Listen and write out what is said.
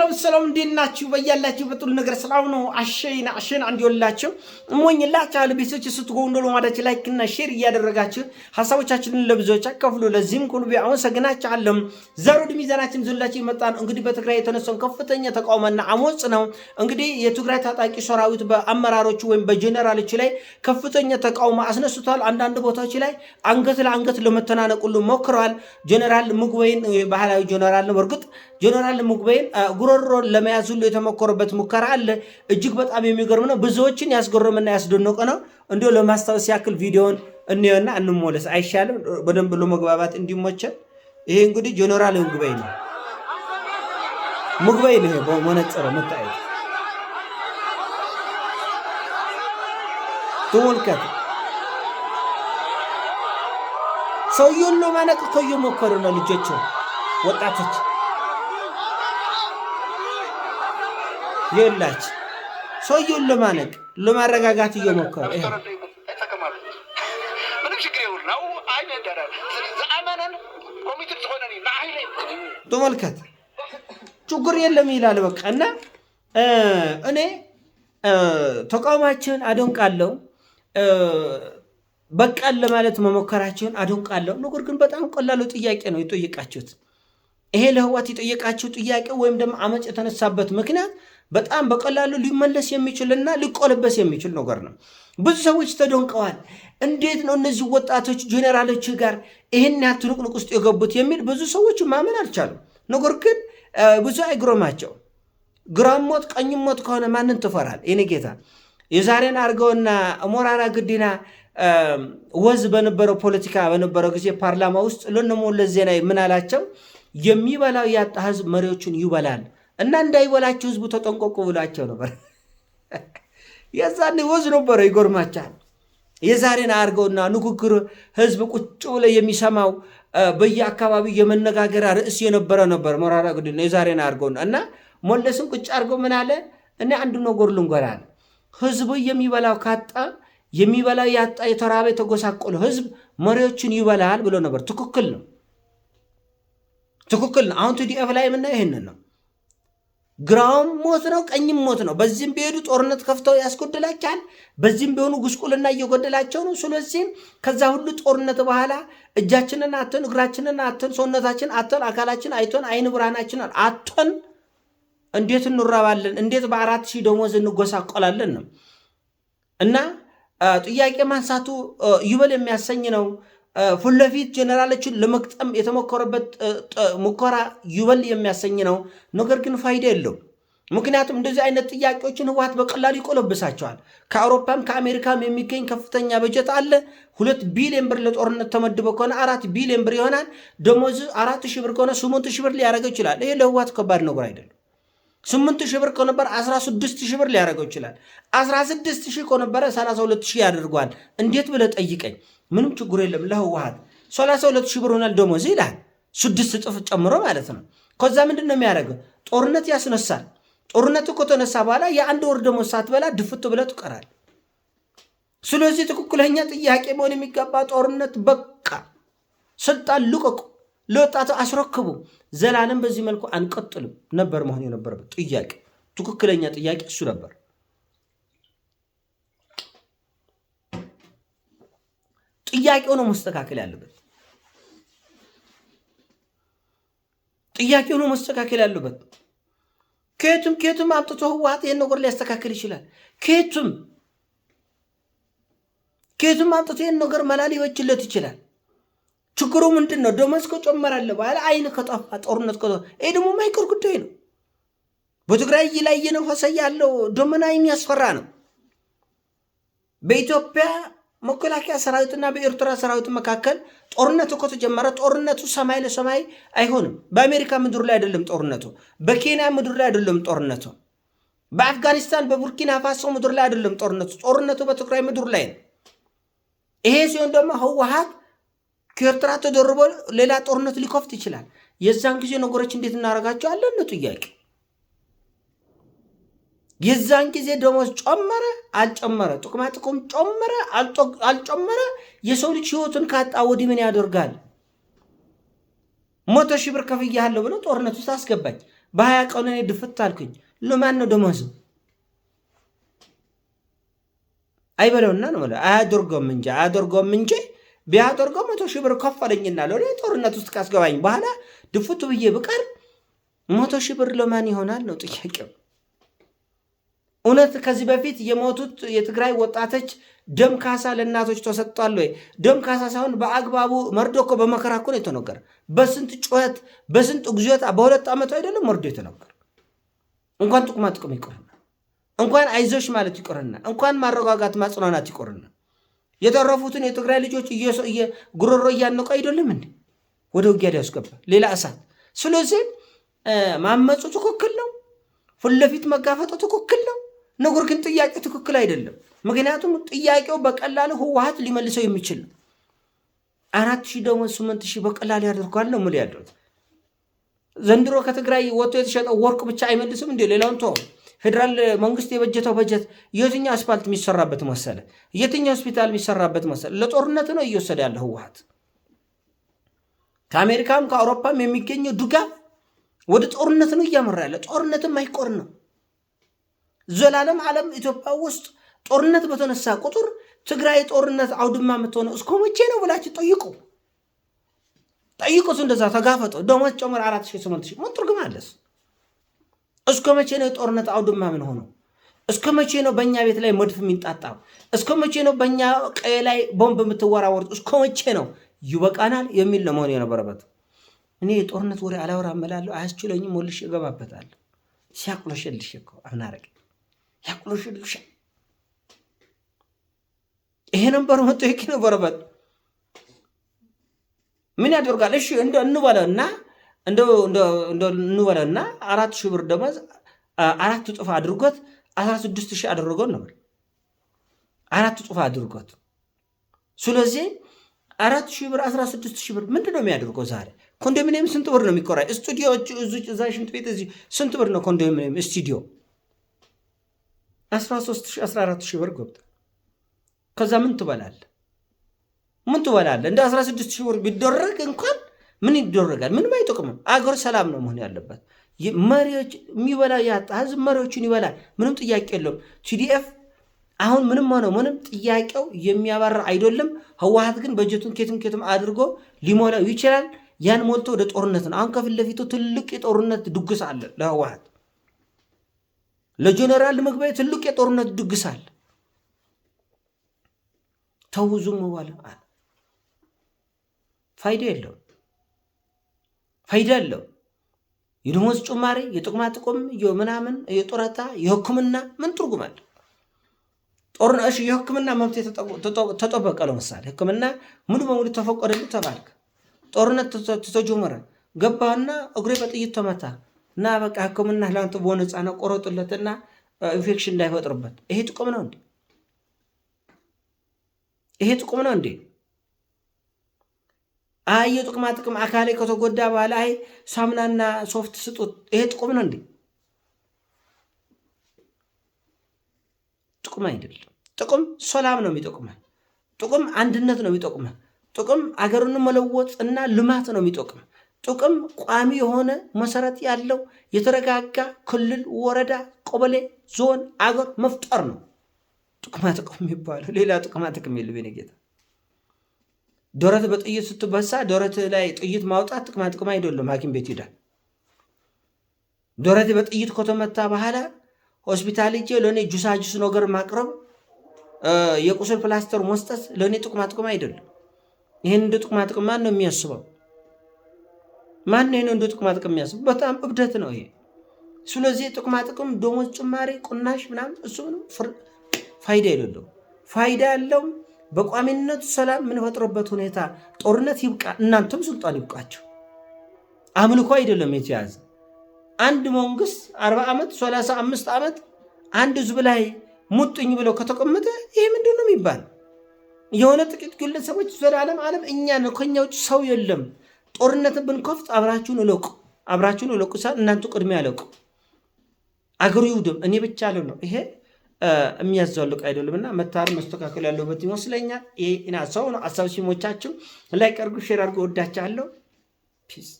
ሰላም ሰላም፣ እንዴት ናችሁ? በያላችሁ በጥሉ ነገር ሰላም ነው። አሸይና አሸን አንድ ይወላችሁ እሞኝላችኋለሁ። ቤቶች ስትጎ እንደሎ ማዳች ላይክ እና ሼር እያደረጋችሁ ሀሳቦቻችንን ለብዙዎች አከፍሉ። ለዚህም ሁሉ አመሰግናችኋለሁ። ሰግናችኋለሁ። ዘሩ ድሚዛናችን ይዞላችሁ መጣን። እንግዲህ በትግራይ የተነሳውን ከፍተኛ ተቃውሞና አመጽ ነው። እንግዲህ የትግራይ ታጣቂ ሰራዊት በአመራሮቹ ወይም በጀነራሎቹ ላይ ከፍተኛ ተቃውሞ አስነስቷል። አንዳንድ ቦታዎች ላይ አንገት ለአንገት ለመተናነቁሉ ሁሉ ሞክረዋል። ጀነራል ምግበይን ባህላዊ ጀነራል ነው። በእርግጥ ጀነራል ምግበይን ጉሮሮን ለመያዝ ሁሉ የተሞከሩበት ሙከራ አለ። እጅግ በጣም የሚገርም ነው። ብዙዎችን ያስገረምና ያስደነቀ ነው። እንዲሁ ለማስታወስ ያክል ቪዲዮን እንየውና እንሞለስ አይሻልም? በደንብ ለመግባባት እንዲሞቸን። ይሄ እንግዲህ ጀኔራል ምግበይ ነው። ምግበይ ነው መነጽረ መታየት ተመልከቱ። ሰውየውን ለማነቅ እኮ እየሞከሩ ነው ልጆች፣ ወጣቶች የላች ሰውየውን ለማነቅ ለማረጋጋት እየሞከረ ተመልከት፣ ችግር የለም ይላል። በቃ እና እኔ ተቃውማችሁን አደንቃለሁ፣ በቃል ለማለት መሞከራችሁን አደንቃለሁ። ነገር ግን በጣም ቀላሉ ጥያቄ ነው የጠየቃችሁት። ይሄ ለህዋት የጠየቃችሁ ጥያቄ ወይም ደግሞ አመፅ የተነሳበት ምክንያት በጣም በቀላሉ ሊመለስ የሚችልና ሊቆለበስ የሚችል ነገር ነው። ብዙ ሰዎች ተደንቀዋል። እንዴት ነው እነዚህ ወጣቶች ጄኔራሎች ጋር ይህን ያህል ትንቅንቅ ውስጥ የገቡት የሚል ብዙ ሰዎች ማመን አልቻሉም። ነገር ግን ብዙ አይግሮማቸው ግራሞት ቀኝሞት ሞት ከሆነ ማንን ትፈራል? የኔ ጌታ የዛሬን አርገውና ሞራራ ግዲና ወዝ በነበረው ፖለቲካ በነበረው ጊዜ ፓርላማ ውስጥ ለእነ ዜናዊ ምን አላቸው? የሚበላው ያጣ ህዝብ መሪዎቹን ይበላል እና እንዳይበላችሁ ህዝቡ ተጠንቀቁ ብሏቸው ነበር። የዛን ወዝ ነበረ። ይጎርማቻል። የዛሬን አርገውና ንግግር ህዝብ ቁጭ ብለ የሚሰማው በየአካባቢው የመነጋገሪያ ርዕስ የነበረ ነበር። መራራ ግድ የዛሬን አርገውና እና መለስም ቁጭ አርገው ምን አለ? እኔ አንዱ ነገር ልንጎላል። ህዝቡ የሚበላው ካጣ የሚበላው ያጣ የተራበ የተጎሳቆለ ህዝብ መሪዎችን ይበላል ብሎ ነበር። ትክክል ነው፣ ትክክል ነው። አሁን ቲዲኤፍ ላይ የምናየው ይህንን ነው። ግራውም ሞት ነው፣ ቀኝም ሞት ነው። በዚህም ቢሄዱ ጦርነት ከፍተው ያስጎደላቸዋል፣ በዚህም ቢሆኑ ጉስቁልና እየጎደላቸው ነው። ስለዚህም ከዛ ሁሉ ጦርነት በኋላ እጃችንን አተን፣ እግራችንን አተን፣ ሰውነታችን አተን፣ አካላችን አይቶን፣ አይን ብርሃናችንን አተን እንዴት እንራባለን? እንዴት በአራት ሺህ ደሞዝ እንጎሳቆላለን? ነው እና ጥያቄ ማንሳቱ ይበል የሚያሰኝ ነው። ፊት ለፊት ጀነራሎችን ለመግጠም የተሞከረበት ሙከራ ይበል የሚያሰኝ ነው። ነገር ግን ፋይዳ የለው። ምክንያቱም እንደዚህ አይነት ጥያቄዎችን ህወሓት በቀላሉ ይቆለብሳቸዋል። ከአውሮፓም ከአሜሪካም የሚገኝ ከፍተኛ በጀት አለ። ሁለት ቢሊዮን ብር ለጦርነት ተመድበ ከሆነ አራት ቢሊዮን ብር ይሆናል። ደሞዝ አራት ሺህ ብር ከሆነ ስምንት ሺህ ብር ሊያደርገው ይችላል። ይሄ ለህወሓት ከባድ ነገር አይደለም። ስምንት ሺህ ብር ከነበረ ስድስት ሺህ ብር ሊያደርገው ይችላል። ስድስት ሺህ ከነበረ 32 ሺህ ያደርገዋል። እንዴት ብለህ ጠይቀኝ። ምንም ችግር የለም። ለህወሓት 32 ሺህ ብር ሆናል ደሞዝ ይላል። ስድስት እጥፍ ጨምሮ ማለት ነው። ከዛ ምንድን ነው የሚያደርገው? ጦርነት ያስነሳል። ጦርነቱ ከተነሳ በኋላ የአንድ ወር ደሞዝ ሳትበላ ድፍት ብለህ ትቀራል። ስለዚህ ትክክለኛ ጥያቄ መሆን የሚገባ ጦርነት በቃ ስልጣን ልቀቁ ለወጣቱ አስረክቡ። ዘላለም በዚህ መልኩ አንቀጥልም ነበር መሆን የነበረበት ጥያቄ። ትክክለኛ ጥያቄ እሱ ነበር። ጥያቄው ነው መስተካከል ያለበት። ጥያቄው ነው መስተካከል ያለበት። ከየቱም ከየቱም አምጥቶ ህወሓት ይህን ነገር ሊያስተካከል ይችላል። ከየቱም ከየቱም አምጥቶ ይህን ነገር መላ ይችላል። ችግሩ ምንድን ነው? ደሞዝ ከጨመራለ በኋላ አይን ከጠፋ ጦርነት ከጠፋ ይህ ደግሞ ማይክር ጉዳይ ነው። በትግራይ ላይ እየነፈሰ ያለው ደመና የሚያስፈራ ነው። በኢትዮጵያ መከላከያ ሰራዊትና በኤርትራ ሰራዊት መካከል ጦርነቱ ከተጀመረ ጦርነቱ ሰማይ ለሰማይ አይሆንም። በአሜሪካ ምድር ላይ አይደለም ጦርነቱ፣ በኬንያ ምድር ላይ አይደለም ጦርነቱ፣ በአፍጋኒስታን በቡርኪና ፋሶ ምድር ላይ አይደለም ጦርነቱ። ጦርነቱ በትግራይ ምድር ላይ ነው። ይሄ ሲሆን ደግሞ ህወሓት ከኤርትራ ተደርቦ ሌላ ጦርነት ሊከፍት ይችላል። የዛን ጊዜ ነገሮች እንዴት እናደርጋቸዋለን ነው ጥያቄ። የዛን ጊዜ ደሞዝ ጨመረ አልጨመረ፣ ጥቅማ ጥቅም ጨመረ አልጨመረ፣ የሰው ልጅ ህይወቱን ካጣ ወዲህ ምን ያደርጋል? መቶ ሺህ ብር ከፍያለሁ ብሎ ጦርነት ውስጥ አስገባኝ። በሀያ ቀኑ እኔ ድፍት አልኩኝ። ለማን ነው ደሞዝ አይበለውና ነው አያደርገውም እንጂ አያደርገውም እንጂ ቢያጠርገው መቶ ሺህ ብር ከፈለኝና ለሆነ ጦርነት ውስጥ ካስገባኝ በኋላ ድፉት ብዬ ብቀር መቶ ሺህ ብር ለማን ይሆናል ነው ጥያቄው። እውነት ከዚህ በፊት የሞቱት የትግራይ ወጣቶች ደም ካሳ ለእናቶች ተሰጥቷል ወይ? ደም ካሳ ሳይሆን በአግባቡ መርዶ እኮ በመከራ እኮ ነው የተነገረ። በስንት ጩኸት፣ በስንት እግዚኦታ፣ በሁለት ዓመቱ አይደለም መርዶ የተነገረ። እንኳን ጥቁማ ጥቅም ይቆርና፣ እንኳን አይዞሽ ማለት ይቆርና፣ እንኳን ማረጋጋት ማጽናናት ይቆርና የተረፉትን የትግራይ ልጆች ጉሮሮ እያነቁ አይደለም እንዴ ወደ ውጊያ ያስገባ ሌላ እሳት። ስለዚህ ማመፁ ትክክል ነው፣ ፊት ለፊት መጋፈጡ ትክክል ነው። ነገር ግን ጥያቄ ትክክል አይደለም። ምክንያቱም ጥያቄው በቀላሉ ህወሀት ሊመልሰው የሚችል ነው። አራት ሺህ ደግሞ ስምንት ሺህ በቀላሉ ያደርገዋል ነው ሙሉ ያደርጉት። ዘንድሮ ከትግራይ ወጥቶ የተሸጠው ወርቅ ብቻ አይመልስም እንዴ ሌላውን ተወው። ፌዴራል መንግስት የበጀተው በጀት የትኛ አስፋልት የሚሰራበት መሰለ? የትኛው ሆስፒታል የሚሰራበት መሰለ? ለጦርነት ነው እየወሰደ ያለ ህወሀት። ከአሜሪካም ከአውሮፓም የሚገኘው ድጋፍ ወደ ጦርነት ነው እያመራ ያለ። ጦርነትም አይቆር ነው ዘላለም ዓለም ኢትዮጵያ ውስጥ ጦርነት በተነሳ ቁጥር ትግራይ ጦርነት አውድማ የምትሆነው እስከ መቼ ነው ብላችሁ ጠይቁ። ጠይቁት፣ እንደዛ ተጋፈጠው ደሞዝ ጨመር አራት ሺህ ስምንት ሺህ ምን ትርጉም አለስ? እስከ መቼ ነው የጦርነት አውድማ ምን ሆነው? እስከ መቼ ነው በእኛ ቤት ላይ መድፍ የሚንጣጣው? እስከ መቼ ነው በእኛ ቀይ ላይ ቦምብ የምትወራወሩት? እስከ መቼ ነው? ይበቃናል የሚል ነው መሆን የነበረበት። እኔ የጦርነት ወሬ አላወራም እላለሁ። አያስችለኝም። ወልሽ ይገባበታል። ሲያቁለሸልሽ እኮ አምናረግ ይሄ ነበር መጠየቅ ነበረበት። ምን ያደርጋል? እሺ እንበለ እና እንደው እንበለና አራት ሺህ ብር ደመወዝ አራት እጥፍ አድርጎት አስራ ስድስት ሺህ አደረገን ነበር። አራት እጥፍ አድርጎት ስለዚህ አራት ሺህ ብር አስራ ስድስት ሺህ ብር ምንድን ነው የሚያደርገው? ዛሬ ኮንዶሚኒየም ስንት ብር ነው የሚቆራ? ስቱዲዮዎች እዙጭ እዛ ሽንት ቤት እዚህ ስንት ብር ነው ኮንዶሚኒየም ስቱዲዮ? አስራ ሦስት ሺህ አስራ አራት ሺህ ብር ገብቶ ከዛ ምን ትበላል? ምን ትበላል? እንደ አስራ ስድስት ሺህ ብር ቢደረግ እንኳን ምን ይደረጋል? ምንም አይጠቅምም። አገር ሰላም ነው መሆን ያለበት። መሪዎች የሚበላ ያጣ ህዝብ መሪዎቹን ይበላል። ምንም ጥያቄ የለውም። ቲዲኤፍ አሁን ምንም ሆነ ምንም ጥያቄው የሚያባራ አይደለም። ህወሀት ግን በጀቱን ኬትም ኬትም አድርጎ ሊሞላው ይችላል። ያን ሞልቶ ወደ ጦርነት ነው። አሁን ከፊት ለፊቱ ትልቅ የጦርነት ድግስ አለ ለህወሀት ለጀኔራል ምግባይ ትልቅ የጦርነት ድግስ አለ። ተውዙም ዋለ ፋይዳ የለውም። ፋይዳ አለው። የደሞዝ ጭማሪ፣ የጥቅማ ጥቅም፣ የምናምን፣ የጡረታ፣ የሕክምና ምን ትርጉም አለ? ጦርነ እሺ፣ መብት ተጠበቀ። ለምሳሌ ህክምና ሙሉ በሙሉ ተፈቀደልህ ተባልክ፣ ጦርነት ተጀመረ፣ ገባና እግሬ በጥይት ተመታ እና በቃ ህክምና ለአንተ በነፃ ነው ቆረጡለትና ኢንፌክሽን እንዳይፈጥርበት። ይሄ ጥቅም ነው እንዴ? ይሄ ጥቅም ነው እንዴ? አይ ጥቅማ ጥቅም አካሌ ከተጎዳ በኋላ አይ ሳሙናና ሶፍት ስጡት። ይሄ ጥቁም ነው እንዴ? ጥቁም አይደለም። ጥቁም ሰላም ነው የሚጠቁመ። ጥቁም አንድነት ነው የሚጠቁመ። ጥቅም አገርን መለወጥ እና ልማት ነው የሚጠቁመ። ጥቅም ቋሚ የሆነ መሰረት ያለው የተረጋጋ ክልል፣ ወረዳ፣ ቀበሌ፣ ዞን፣ አገር መፍጠር ነው ጥቅማ ጥቅም የሚባለው። ሌላ ጥቅማ ጥቅም የለም የኔ ጌታ። ዶረት በጥይት ስትበሳ ዶረት ላይ ጥይት ማውጣት ጥቅማ ጥቅም አይደለም። ሐኪም ቤት ሄዳል። ዶረት በጥይት ከተመታ በኋላ ሆስፒታል ሂጄ ለእኔ ጁሳጁስ ነገር ማቅረብ፣ የቁስል ፕላስተር መስጠት ለእኔ ጥቅማ ጥቅም አይደለም። ይህን እንደ ጥቅማ ጥቅም ማን ነው የሚያስበው? ማን ይህን እንደ ጥቅማ ጥቅም የሚያስበው? በጣም እብደት ነው ይሄ። ስለዚህ ጥቅማ ጥቅም ደሞዝ ጭማሪ፣ ቁናሽ ምናምን እሱ ፋይዳ የሌለው ፋይዳ ያለውም? በቋሚነቱ ሰላም የምንፈጥሮበት ሁኔታ ጦርነት ይብቃ፣ እናንተም ስልጣን ይብቃቸው። አምልኮ አይደለም የተያዘ አንድ መንግስት 40 ዓመት 35 ዓመት አንድ ህዝብ ላይ ሙጥኝ ብለው ከተቀመጠ ይሄ ምንድን ነው የሚባል? የሆነ ጥቂት ግለሰቦች ዘላለም ዓለም እኛ ነው ከኛ ውጭ ሰው የለም። ጦርነትን ብንከፍት አብራችሁን እለቁ፣ አብራችሁን እለቁ፣ እናንተ ቅድሚያ እለቁ፣ አገሩ ይውደም፣ እኔ ብቻ ነው ይሄ የሚያዘልቅ አይደሉም እና መታረም መስተካከል ያለበት ይመስለኛል። ይህ ሰው ነው አሳብ ሲሞቻችሁ ላይ ቀርጉ ሼር አድርጉ። ወዳቻለሁ ፒስ